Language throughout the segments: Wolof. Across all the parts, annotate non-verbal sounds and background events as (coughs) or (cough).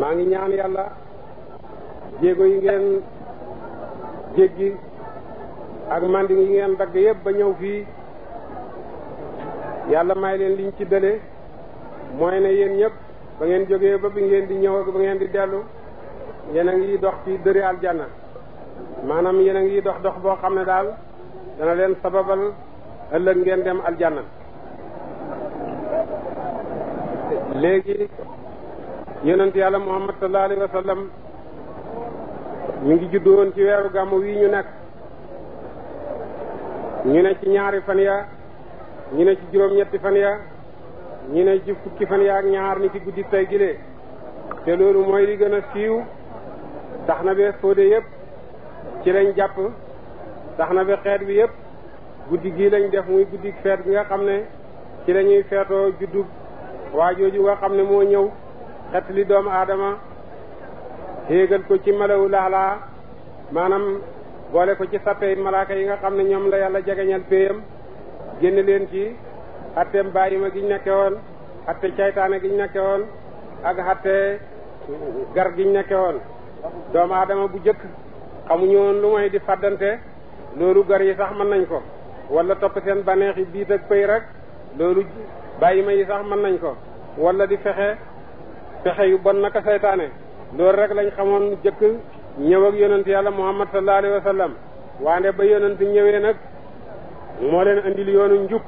maa ngi ñaan yàlla jéego yi ngeen jéggi ak manding yi ngeen dagg yépp ba ñëw fii yàlla may leen liñ ci dële mooy ne yéen ñëpp ba ngeen jógee ba bi ngeen di ñëw ak ba ngeen di dellu yéen a ngi dox ci dëri aljanna maanaam yéen a ngi dox dox boo xam ne daal dana leen sababal ëllëg ngeen dem aljanna léegi yonent yàlla muhammad sallallahu alayhi wa sallam mi ngi juddu woon ci weeru gàmmu wi ñu nekk ñu ne ci ñaari fan ya ñu ne ci juróom-ñetti fan ya ñu ne ci fukki fan ya ak ñaar ni ci guddi tay gilee te loolu mooy li gën a siiw tax na be fóode yépp ci lañ jàpp tax na be xeet bi yépp guddi gii lañ def muy guddi feet bi nga xam ne ci lañuy feetoo juddub waa jooju nga xam ne moo ñëw xet doomu aadama xéegal ko ci malawu laalaa maanaam boole ko ci sappey malaaka yi nga xam ne ñoom la yàlla jegeñal péyam génne leen ci atteem bàyyima giñ nekke woon atte caytaane giñ nekke woon ak atte gar giñ nekke woon doomu aadama bu jëkk xamuñu woon lu mooy di fàddante loolu gar yi sax mën nañ ko wala topp seen baneexi biit ak pëy rek loolu bàyyima yi sax mën nañ ko wala di fexe fexe yu bon naka seytaane loolu rek lañ xamoon jëkk ñëw ak yonent yàlla muhammad sallallahu alayhi wa sallam waande ba yonent ñëwee nag moo leen andil yoonu njub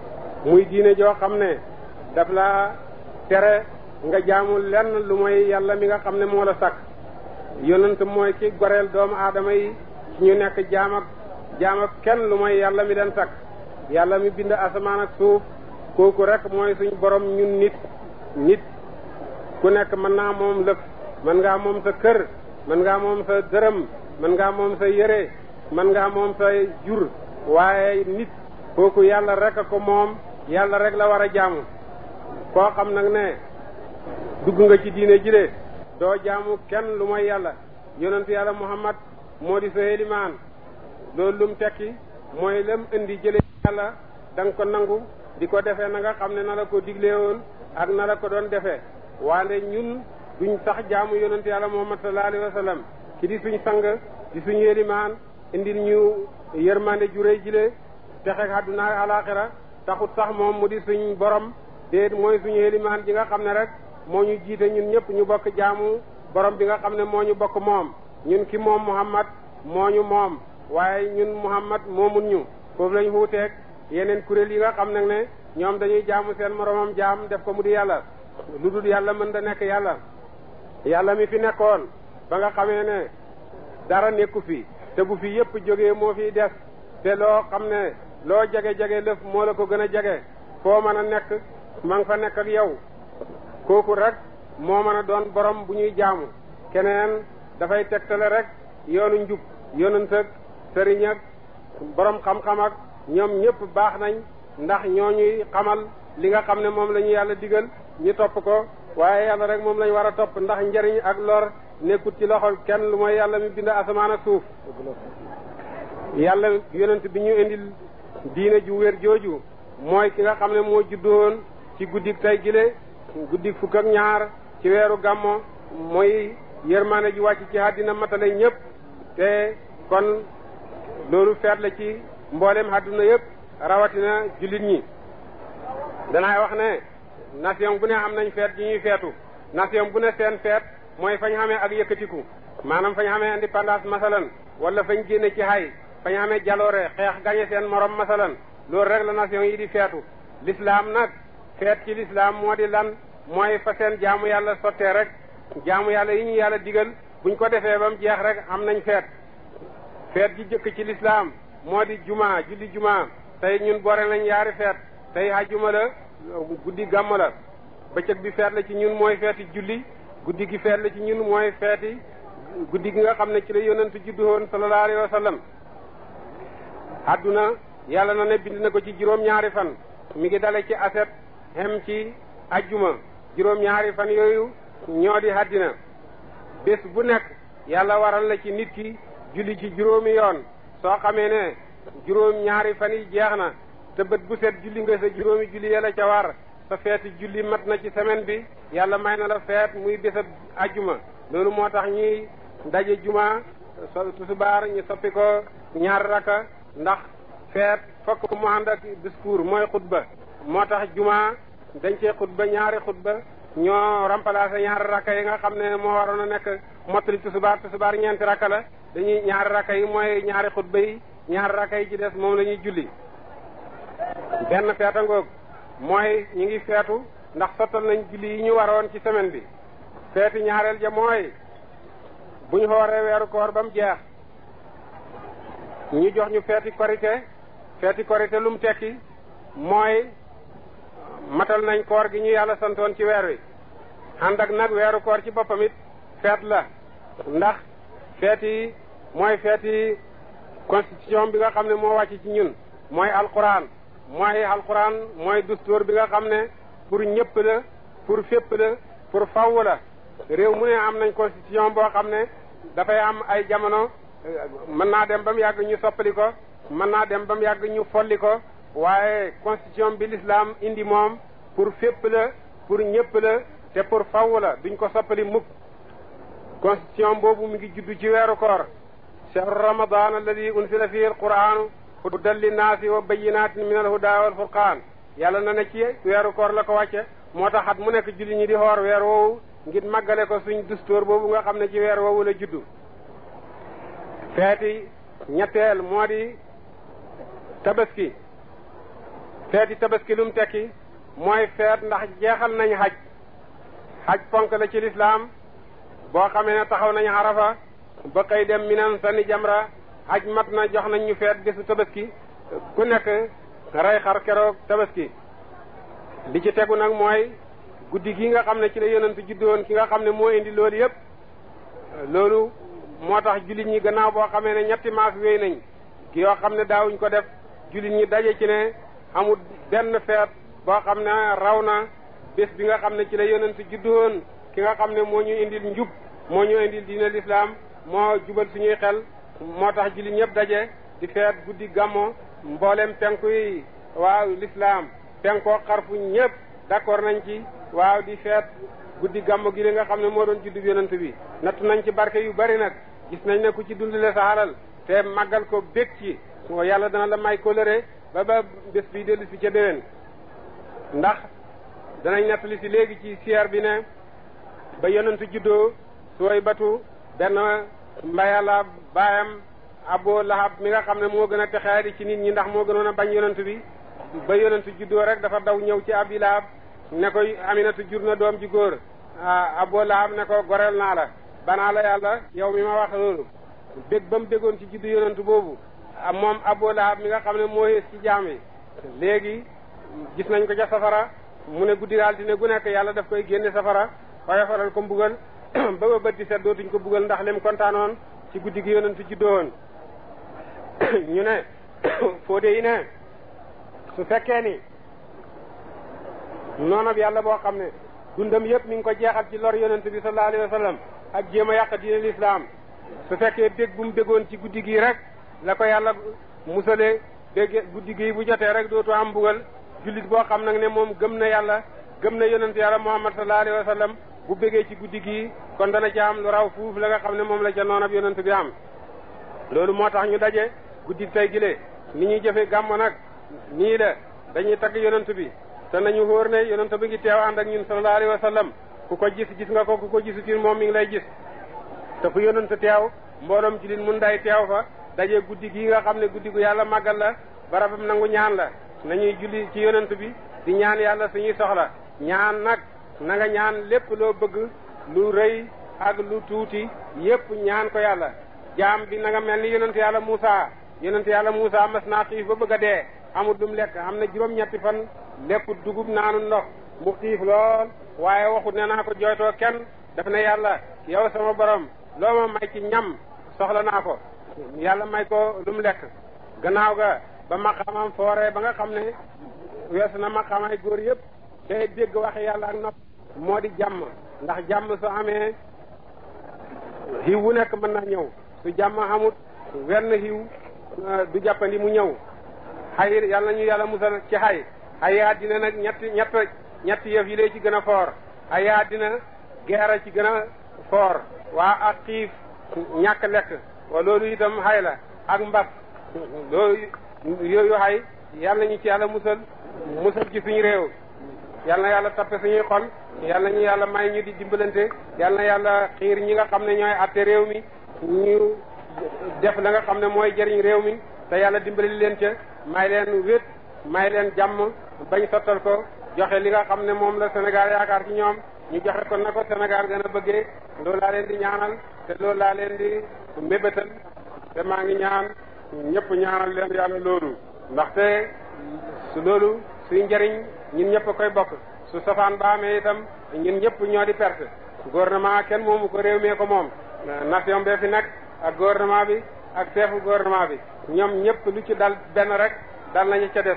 muy diine joo xam ne daf la tere nga jaamu lenn lu mooy yàlla mi nga xam ne moo la sakk yonent mooy ki goreel doomu aadama yi ci ñu nekk jaam ak kenn lu mooy yàlla mi leen sakk yàlla mi bind asamaan ak suuf kooku rek mooy suñ borom ñun nit nit ku nekk mën naa moom lëf mën ngaa moom sa kër mën ngaa moom sa dërëm mën ngaa moom sa yére mën ngaa moom sa jur waaye nit kooku yàlla rek a ko moom yàlla rek la war a jaamu koo xam nag ne dugg nga ci diine ji de doo jaamu kenn lu mooy yàlla yonent yàlla muhammad moo di sa helimaan loolu lum tekki mooy lam indi jële yàlla da ko nangu di ko defee na xam ne na la ko diglee woon ak na la ko doon defee waande ñun duñ sax jaamu yonent yàlla muhammad sallallahu alayhi wa sallam ki di suñ sang di suñ yélimaan indil ñu yërmande juré jile pexe àdduna ak alaxira taxut sax moom mu di suñ borom déet mooy suñu yélimaan ji nga xam ne rek moo ñu jiite ñun ñëpp ñu bokk jaamu borom bi nga xam ne moo ñu bokk moom ñun ki moom muhammad moo ñu moom waaye ñun muhammad moomun ñu foofu lañ xuuteeg yeneen kuréel yi nga xam nag ne ñoom dañuy jaamu seen moroomam jaam def ko mu di yàlla lu dul yàlla mën da nekk yàlla yàlla mi fi nekkoon ba nga xamee ne dara nekku fi te bu fi yépp jógee moo fiy des te loo xam ne loo jege-jege lëf moo la ko gën a jege foo mën a nekk ma nga fa nekk ak yow kooku rek moo mën a doon borom bu ñuy jaamu keneen dafay tegtale rek yoonu njub yonent ak sëriñ ak borom xam-xam ak ñoom ñépp baax nañ ndax ñoo ñuy xamal li nga xam ne moom la ñu yàlla digal ñu topp ko waaye yàlla rek moom la ñu war a topp ndax njariñ ak lor nekkut ci loxol kenn lu mooy yàlla mi bind asamaan ak suuf yàlla yonent bi ñu indi diine ju wér jooju mooy ki nga xam ne moo juddoon ci guddik tay gile guddik fukk ak ñaar ci weeru gàmmoo mooy yërmaane ji wàcc ci àddina matale ñëpp te kon loolu feet ci mboolem àdduna yëpp rawatina jullit ñi danaay wax ne nation bu ne am nañ feet ji ñuy feetu nation bu ne seen feet mooy fañ xamee ak maanam maanaam fañ xamee indépendance masalan wala fañ génne ci hay fañ xamee jaloore xeex gañe seen morom masalan loolu rek la nation yi di feetu l'islam nag feet ci lislaam moo di lan mooy fa seen jaamu yàlla sottee rek jaamu yàlla yi ñu yàlla digal buñ ko defee ba mu jeex rek am nañ feet feet ji jëkk ci lislaam moo di juma julli juma tey ñun boore nañ yaari feet tey àjjuma la guddi gàmm la bëccëg bi feet la ci ñun mooy feeti julli guddi gi feet la ci ñun mooy feeti guddi gi nga xam ne ci la yonent juddu woon sallallahu alayhi wa sallam adduna yàlla na ne bind na ko ci juróom-ñaari fan mu ngi dale ci aset hem ci ajjuma juróom-ñaari fan yooyu ñoo di àddina bés bu nekk yàlla waral la ci nit ki julli ci juróomi yoon soo xamee ne juróom ñaari fan yi jeex na te bët bu set julli nga sa juróomi julli yàlla ca war sa feeti julli mat na ci semaine bi yàlla may na la feet muy bésab ajjuma loolu moo tax ñuy daje jumaa so tusubaar ñu soppi ko ñaar raka ndax feet fokk mu ànd ak discours mooy xutba moo tax juma dañ cee xutba ñaari xutba ñoo remplacé ñaari rakka yi nga xam ne moo waroon a nekk mottali tusubaar tusubaar ñeenti rakka la dañuy ñaari rakka yi mooy ñaari xutba yi ñaar rakka yi ci des moom lañuy julli benn feeta ngoog mooy ñi ngi feetu ndax sottal nañ julli yi ñu waroon ci semaine bi feeti ñaareel ja mooy bu ñu xooree weeru koor ba mu jeex ñu jox ñu feeti korite feeti korite lu mu tekki mooy matal nañ koor gi ñu yàlla santoon ci weer wi ànd ak nag weeru koor ci boppam it feet la ndax feet yi mooy feet yi constitution bi nga xam ne moo wàcc ci ñun mooy alxuraan mooy alquran mooy dustoor bi nga xam ne pour ñëpp la pour fépp la pour faww la réew mu ne am nañ constitution boo xam ne dafay am ay jamono euh, mën naa dem ba mu yàgg ñu soppali ko mën naa dem ba mu yàgg ñu folli ko waaye constitution bi lislaam indi moom pour fépp la pour ñëpp la te pour faww la duñ ko soppali mukk constitution boobu mu ngi juddu ci weeru koor la شهر رمضان الذي أنزل فيه القرآن هدى للناس وبينات من الهدى والفرقان yàlla na ne ci weeru koor la ko wàcce moo tax at mu nekk julli ñi di xoor weer woowu ngir màggale ko suñ dustóor boobu nga xam ne ci weer woowu la juddu feeti ñetteel moo di tabaski feeti tabaski lu mu tekki mooy feet ndax jeexal nañ xaj xaj ponk la ci lislaam boo xamee ne taxaw nañu arafa ba kay dem minan sani jamra aj mat na jox nañ ñu feet bisu tabaski ku nekk rey xar keroog ki li ci tegu nag mooy guddi gi nga xam ne ci la yonent juddu woon ki nga xam ne moo indi loolu yépp loolu moo tax jullit ñi gannaaw boo xamee ne ñetti maas wéy nañ ki yoo xam ne daawuñ ko def jullit ñi daje ci ne amul benn feet boo xam ne raw na bés bi nga xam ne ci la yonent juddu woon ki nga xam ne moo ñu indil njub moo ñu indil dina lislaam moo jubal suñuy xel moo tax jullit ñëpp daje di feet guddi gàmmo mbooleem penku yi waaw lislaam penkoo xarfu ñëpp d'accord nañ ci waaw di feet guddi gàmmo gi li nga xam ne moo doon juddu yonent bi nattu nañ ci barke yu bari nag gis nañ ne ku ci dundale sa alal te màggal ko bég ci moo yàlla dana la may kóllëre ba ba bés bi dellu si ca déwén ndax danañ nettali si léegi ci siyaar bi ne ba yonentu juddoo sooy batu benn mbaya la baayam Abu Lahab mi nga xam ne moo gën a texaari ci nit ñi ndax moo gënoon a bañ yonent bi ba yonent juddoo rek dafa daw ñëw ci Abi Lahab ne ko Aminatu jur na doom ji góor Abu Lahab ne ko goreel naa la banaa la yàlla yow mi ma wax loolu bég ba mu bégoon ci juddu yonent boobu moom Abu Lahab mi nga xam ne moo xees ci jaam yi léegi gis nañ ko ca safara mu ne guddi altine gu nekk yàlla daf koy génne safara waaye faral ko mbugal (clears throat) ba ba bët di set ko buggal ndax lim kontaanoon ci guddi gi yonent juddoo woon (clears throat) ñu ne (clears throat) Fodé yi ne su fekkee ni noonu yàlla boo xam ne dundam yëpp mi ngi ko jeexal ci lor yonent bi sallallahu alayhi wa sallam ak jéem a yàq diine lislaam su fekkee dégg bu mu déggoon ci guddi gi rek la ko yàlla musale dégg guddi gii bu jotee rek dootu am mbugal jullit boo xam nag ne moom gëm na yàlla gëm na yonent yàlla Muhammad sallallahu alayhi wa sallam bu bëggee ci guddi gii kon dana ca am lu raw fuuf la nga xam ne moom la ca noon ab yonent bi am loolu moo tax ñu daje guddi tey gile ni ñuy jëfe gàmm nag nii la dañuy tagg yonent bi te nañu wóor ne yonent bi ngi teew ànd ak ñun sallallahu alayhi wa sallam ku ko gis gis nga ko ku ko gisutin moom mi ngi lay gis te fu yonent teew mbooloom ci lin mun day teew fa daje guddi gii nga xam ne guddi gu yàlla màggal la barabam nangu ñaan la nañuy julli ci yonent bi ñaan yàlla suñuy soxla na nga ñaan lépp loo bëgg lu rëy ak lu tuuti yépp ñaan ko yàlla jaam bi na mel ni yonent yàlla Muusa yonent yàlla Muusa mas naa xiif ba bëgg a dee lu mu lekk am na juróom-ñetti fan lekkut dugub naanu ndox mu xiif lool waaye waxut ne naa ko jooytoo kenn dafa ne yàlla yow sama borom loo ma may ci ñam soxla naa ko yàlla may ko lu mu lekk gannaaw ga ba maqamam foore ba nga xam ne weesu na maqamay góor yëpp day dégg wax yàlla ak nopp moo di jàmm ndax jàmm su amee xiw wu nekk mën na ñëw su jàmm amut wenn xiw euh, du jàppandi mu ñëw xay yàlla nañu yàlla musal ci xay xay àddina nag ñett ñett yëf yi lay ci gën a foor xay àddina guerre ci gën a foor waa ak xiif ñàkk lekk waa loolu itam xay la ak mbas loolu yooyu xay yàlla ñu ci yàlla musal musal ci suñu réew yal na yàlla tappe suñuy xol yal na ñu yàlla may ñu di dimbalante yal na yàlla xiir ñi nga xam ne ñooy atte réew mi ñu def la nga xam ne mooy jëriñ réew mi te yàlla dimbali leen ca may leen wét may leen jàmm bañ sottal ko joxe li nga xam ne moom la Sénégal yaakaar ci ñoom ñu joxe ko na ko Sénégal gën a bëggee loolu laa leen di ñaanal te loolu laa leen di mébétal te maa ngi ñaan ñëpp ñaanal leen yàlla loolu ndaxte loolu suy njëriñ ñun ñëpp koy bokk su safaan ba amee itam ñun ñëpp ñoo di perte gouvernement kenn moomu ko réew mee ko moom nation bee fi nekk ak gouvernement bi ak chefu gouvernement bi ñoom ñëpp lu ci dal benn rek dal nañu ca des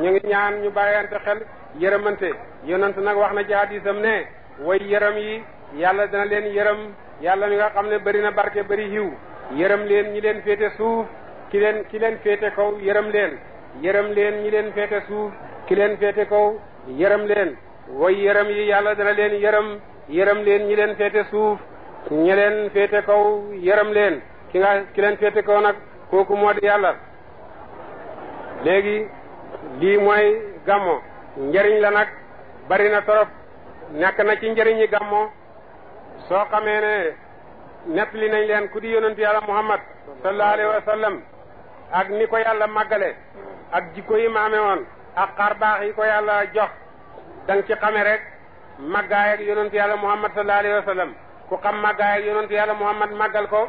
ñu ngi ñaan ñu bàyyante xel yërëmante yonent nag wax na ci hadisam ne way yërëm yi yàlla dana leen yërëm yàlla mi nga xam ne bëri na barke bëri yiw yërëm leen ñi leen féete suuf ki leen ki leen féete kaw yërëm leen yërëm leen ñi leen féete suuf ki leen féete kaw yërëm leen woy yërëm yi yàlla dana leen yërëm yërëm leen ñi leen féete suuf ñi leen féete kaw yërëm leen ki nga ki leen féete kaw nag kooku moo di yàlla léegi lii mooy gàmmo njariñ la nag bari na torop nekk na ci njëriñi gàmmo soo xamee ne nett nañ leen ku di yonentu yàlla muhammad sallallahu alayhi wa ak ni ko yàlla màggale ak jikko yi ma woon ak xar baax yi ko yàlla jox da nga ci xame rek màggaay ak yonent yàlla muhammad sallallahu alayhi wa sallam ku xam màggaay ak yonent yàlla muhammad màggal ko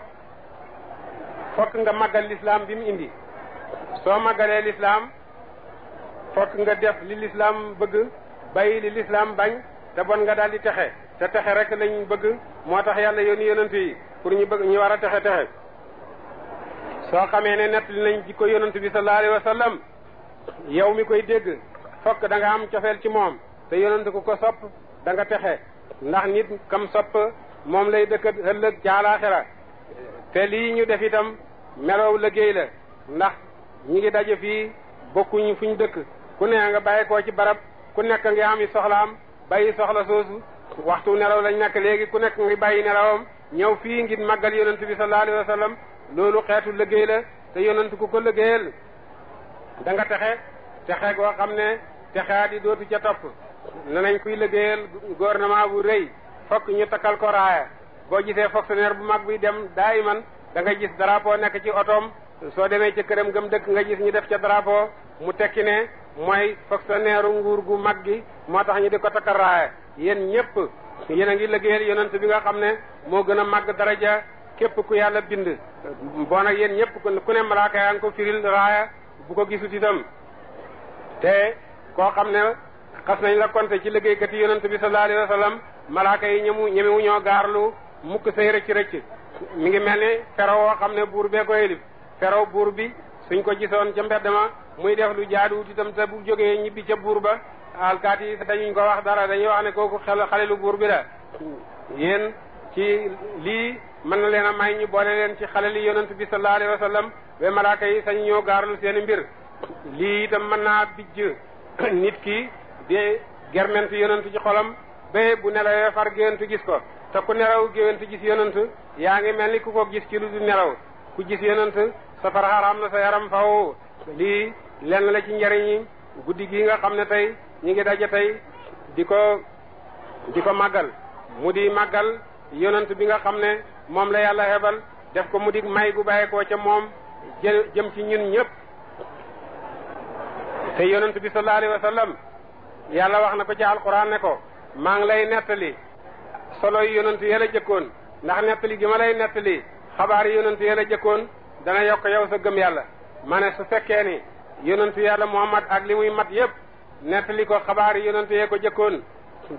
fokk nga màggal lislaam bi mu indi soo màggalee l'islam fokk nga def li l'islam bëgg bàyyi li l'islam bañ te bon nga daal di texe te texe rek lañ bëgg moo tax yàlla yónni yonent yi pour ñu bëgg ñu war a texe texe soo xamee ne nett li nañ jikko yonent bi sallallahu alayhi wa yow mi koy dégg fokk danga am cofeel ci moom te yonent ku ko sopp danga nga texe ndax nit kam sopp moom lay dëkk ëllëg ca alaaxira te lii ñu def itam melow liggéey la ndax ñi ngi daje fii fu ñu dëkk ku ne nga bàyyi koo ci barab ku nekk ngi am i soxlaam bàyyi soxla soosu waxtu nelaw lañ nekk léegi ku nekk ngi bàyyi nelawam ñëw fii ngir màggal yonent bi sallallahu alayhi wa sallam loolu xeetu liggéey la te yonent ku ko liggéeyal da nga texe texe goo xam ne texeat yi dootu ca topp ne nañ kuy liggéeyal gouvernement bu rëy fokk ñu takkal ko raaya boo gisee fonctionnaire bu mag bi dem daay man danga gis drapeau nekk ci otoom soo demee ci këram gëm dëkk nga gis ñu def ca drapeau mu tekki ne mooy fonctionnaire nguur gu mag gi moo tax ñu di ko takkal raaya yéen ñëpp yéen a ngi liggéeyal yonent bi nga xam ne moo gën a màgg daraja képp ku yàlla bind boo nag yéen ñëpp ku ne malaaka ko firil bu ko gisut itam te koo xam ne xas nañ la konte ci liggéeykat yi yonent bi sallallahu alayhi wa sallam malaaka yi ñemu ñemewu ñoo gaarlu mukk say rëcc rëcc mi ngi mel ni feraw woo xam ne buur bee ko yëlif feraw buur bi suñ ko gisoon ca mbedd ma muy def lu jaaduwut itam te bu jógee ñibbi ca buur ba alkaat yi ko wax dara dañuy wax ne kooku xale lu buur bi la yéen ci lii mën na leen a may ñu boole leen ci xale li yonent bi sallallahu alayhi wa sallam ba malaaka yi sañ ñoo gaarlu seen mbir lii itam mën naa bijj nit ki de germent yonent ci xolam ba bu nelawee far géwantu gis ko te ku nelaw géwantu gis yonent yaa ngi mel ni ku ko gis ci lu du nelaw ku gis yonent safar xaraam na sa yaram faw lii lenn la ci njariñ yi guddi gi nga xam ne tey ñu ngi daje tey di ko di ko màggal mu di màggal yonent bi nga xam ne moom la yàlla hebal def ko mu dig may gu bàyyeekoo ca moom jëm ci ñun ñëpp te yonent bi sallallahu alayhi wa yàlla wax na ko ci alquran ne ko maa ngi lay nettali solo yi yonent yëla jëkkoon ndax nettali gi ma lay nettali xabaar yi yonent yëla jëkkoon dana yokk yow sa gëm yàlla ma ne su fekkee ni yonent yàlla muhammad ak li muy mat yépp nettali ko xabaar yi yonent yee ko jëkkoon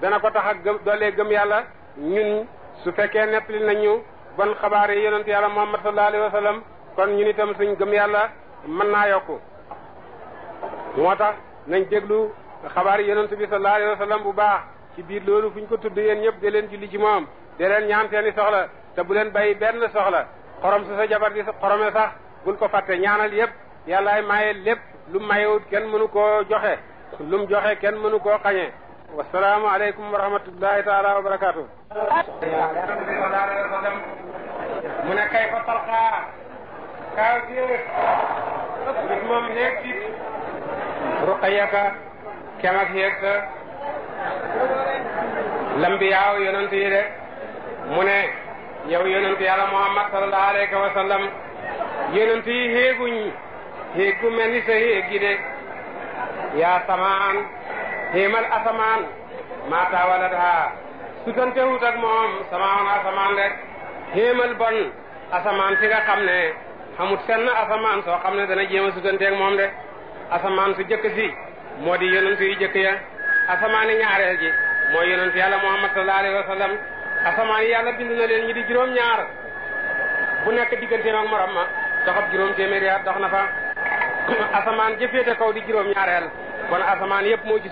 dana ko tax ak gëm gëm yàlla ñun su fekkee nettali nañu bon xabaar yi yonent yàlla muhammad sallallahu alayhi sa sallam kon ñun itam suñ gëm yàlla mën naa yokku moo tax nañ déglu xabaar yi yonent bi sallallahu alayhi wa sallam bu baax ci biir loolu fu ñu ko tudd yéen ñëpp de leen julli ci moom de leen ñaan seeni soxla te bu leen bàyyi benn soxla xorom su sa jabar di xorome sax bul ko fàtte ñaanal yépp yàllaay maye lépp lu mayewut kenn mënu koo joxe lu mu joxe kenn mënu koo xañe wasalaamu aleykum wa rahmatullahi taala wa barakaatu. mu ne kay fa talxaa kaaw diir nit moom ci ruqayaka kem ak lambiyaaw yonent de mu ne yow yonent yàlla muhammad salallahu alayhi wa sallam yonent yi xéeguñ xéeg gu mel ni sa xéeg gi de yaa samaan xiimal asamaan maa taawaladaha sutantewut ak moom samaawon asamaan rek xiimal bon asamaan si nga xam ne xamut fenn asamaan soo xam ne dana jéem a sutanteeg moom de asamaan su jëkk si moo di yonent yi jëkk ya asamaan yi ñaareel ji mooy yonent yàlla muhammad sallallahu alayhi asamaan yi yàlla bind leen ñi di juróom ñaar bu nekk digganteem ak morom ma doxab juróom téeméeri at dox na fa (coughs) asamaan te kaw di juróom ñaareel kon asamaan yëpp moo ci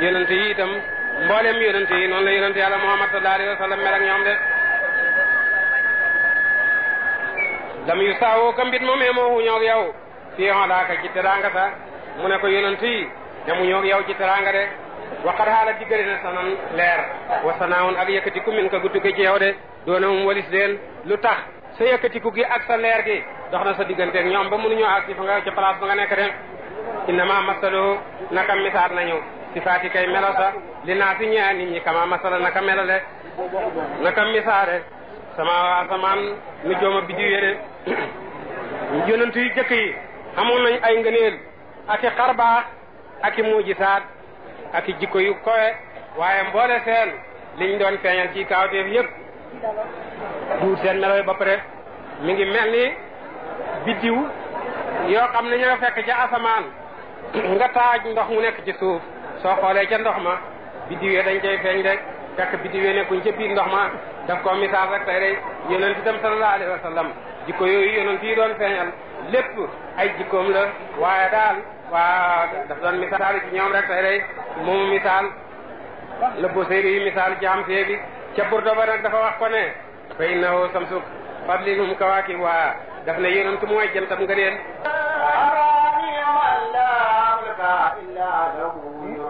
yonent yi itam mboolem yonent yi noonu la yonent yàlla muhammad sallallahu alayhi wa sallam mel ak ñoom de lam yu saawoo ka mbit moom emoo ñoog yow fii xondaaka ci teraanga sa mu ne ko yonent yi emu ñoog yow ci teraanga de waxat xaala diggale na sanan leer naa sanaawun ak yëkkatiku min ka gudduke ci yow de doona mum walis leen lu tax sa yëkkatiku gi ak sa leer gi dox na sa digganteeg ñoom ba mënuñoo ak ci fa nga ci place ba nga nekk de innama masalu naka misaat sifaati kay melo sa li naa fi ñeex nit ñi kama masala naka melo de naka misaare sama asamaan nu jooma bi diwee de (clears throat) yonent yu jëkk yi amoon nañ ay ngëneel ak i xarbaax ak i muujisaat ak i jikko yu kowe waaye mboole seen liñ doon feeñal ci kaawteef yëpp duut seen melo yi ba pare mi ngi mel ni biddiw yoo xam ne ñoo fekk ca asamaan (clears throat) nga taaj ndox mu nekk ci suuf soo xoolee ca ndox ma biddiw ya dañ cay feeñ rek fekk biddiw ya nekkuñ ca biir ndox ma daf koo misaal rek tey rek yonent itam sallallahu alayhi wa sallam jikko yooyu yonent yi doon feeñal lépp ay jikkoom la waaye daal waa daf doon misaal ci ñoom rek tey rek moomu misaal la Busayri yi misaal jaam see bi ca Burda ba nag dafa wax ko ne fa innahu samsuk fadlihum kawaakib waa daf ne yonent mooy jantam ngëneel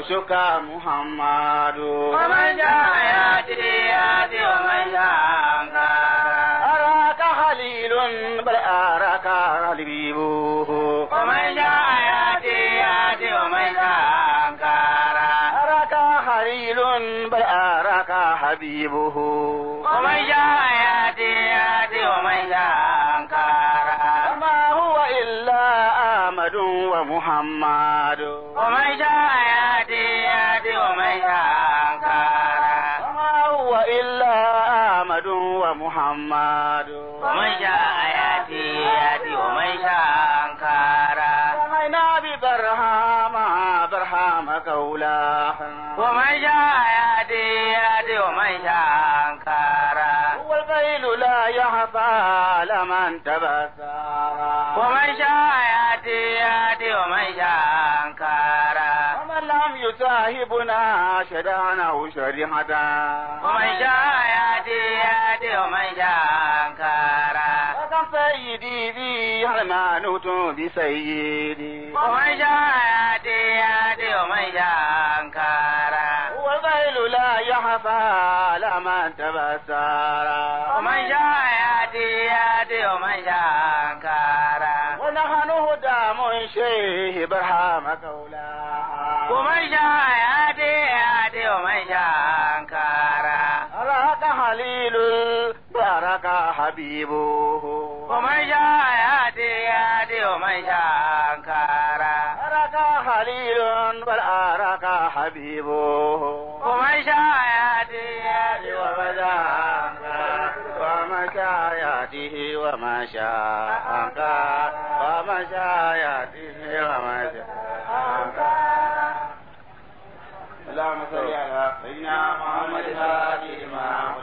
غوثك محمد ومن جاء ياتي ياتي ومن جاء ومن شاء يأتي يأتي ومن شاء أنكارا سمينا ببرهام برهام قولا ومن شاء يأتي يأتي ومن شاء أنكارا والبيل لا يخفى لمن تبسارا ومن شاء يأتي يأتي ومن شاء أنكارا ومن لم يصاحبنا شدانه شريحة ومن شاء يأتي يوما جانكارا وكم سيدي بي المانوت بسيدي ومن جادي يادي ومن جانكارا والغيل لا يحفى لمن تبسارا ومن جادي يادي ومن جانكارا ونحن هدى من شيخ برهام قولا ومن جادي حبيبه ومن شاء يهدي يهدي ومن شاء أنكارا أرك خليل بل أرك حبيبه ومن شاء يهدي يهدي ومن شاء ومن شاء يهديه ومن شاء أنكار ومن شاء يهديه ومن شاء أنكار اللهم صل على سيدنا محمد الفاتح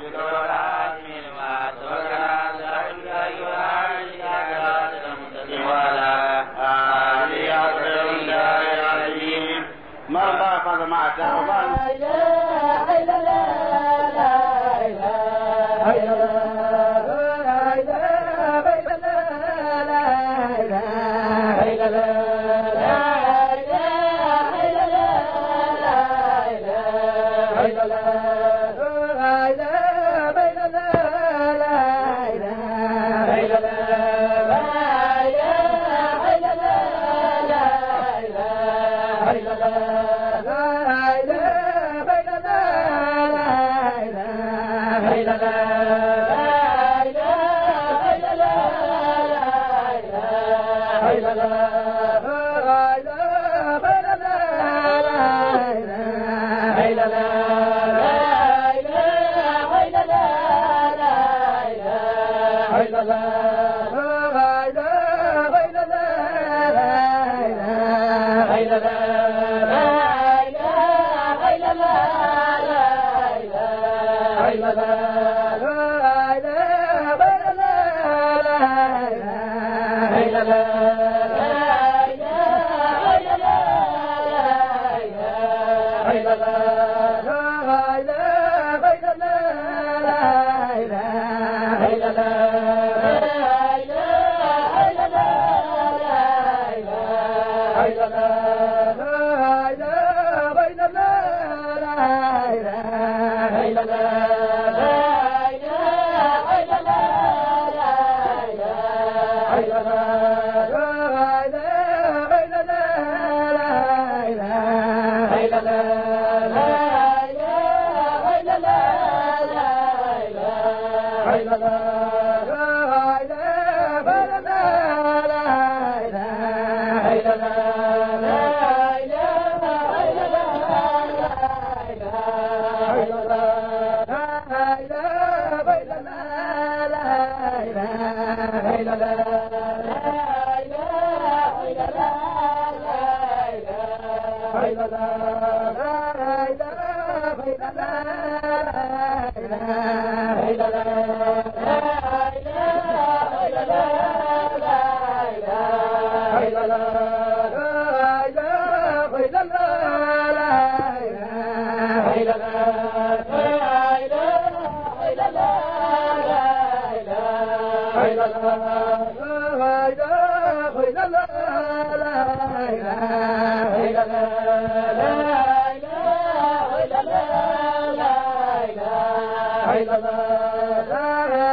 la la لنا la la la la la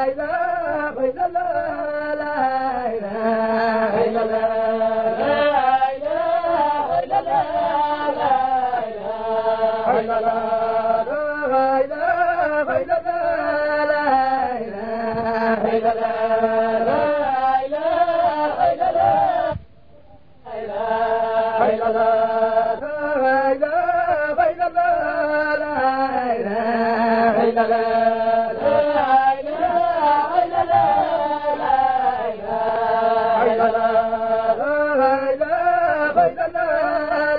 la